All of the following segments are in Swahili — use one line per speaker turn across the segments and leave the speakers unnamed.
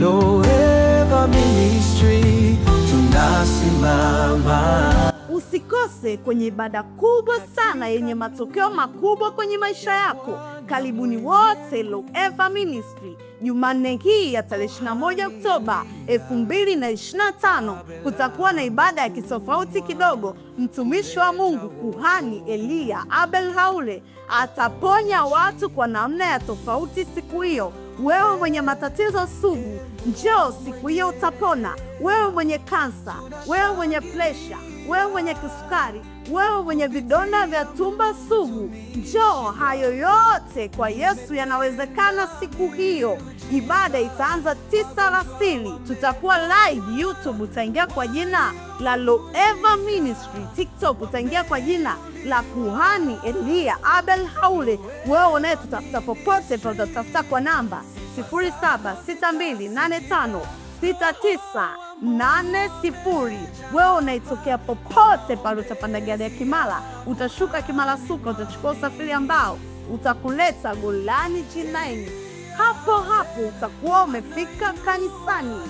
Loeva Ministry tunasimama. Usikose kwenye ibada kubwa sana yenye matokeo makubwa kwenye maisha yako. Karibuni wote Loeva Ministry Jumanne hii ya tarehe 21 Oktoba 2025 kutakuwa na ibada ya kitofauti kidogo. Mtumishi wa Mungu Kuhani Eliya Abel Haule ataponya watu kwa namna ya tofauti siku hiyo. Wewe mwenye matatizo sugu, njoo siku hiyo utapona. Wewe mwenye kansa, wewe mwenye presha, wewe mwenye kisukari, wewe mwenye vidonda vya tumba sugu, njoo. Hayo yote kwa Yesu yanawezekana. Siku hiyo ibada itaanza tisa rasili tutakuwa live YouTube, utaingia kwa jina la Loeva Ministry. TikTok utaingia kwa jina la Kuhani Eliya Abel Haule. Wewe unayetutafuta popote pale, utatafuta kwa namba 69 nane sifuri. Wewe unaitokea popote pale, utapanda gari ya Kimara, utashuka Kimara Suka, utachukua usafiri ambao utakuleta Golani G9. Hapo hapo utakuwa umefika kanisani.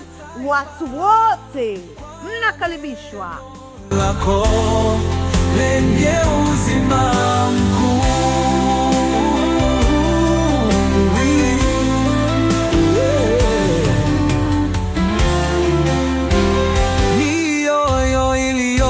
Watu wote mnakaribishwa lako lenye uzima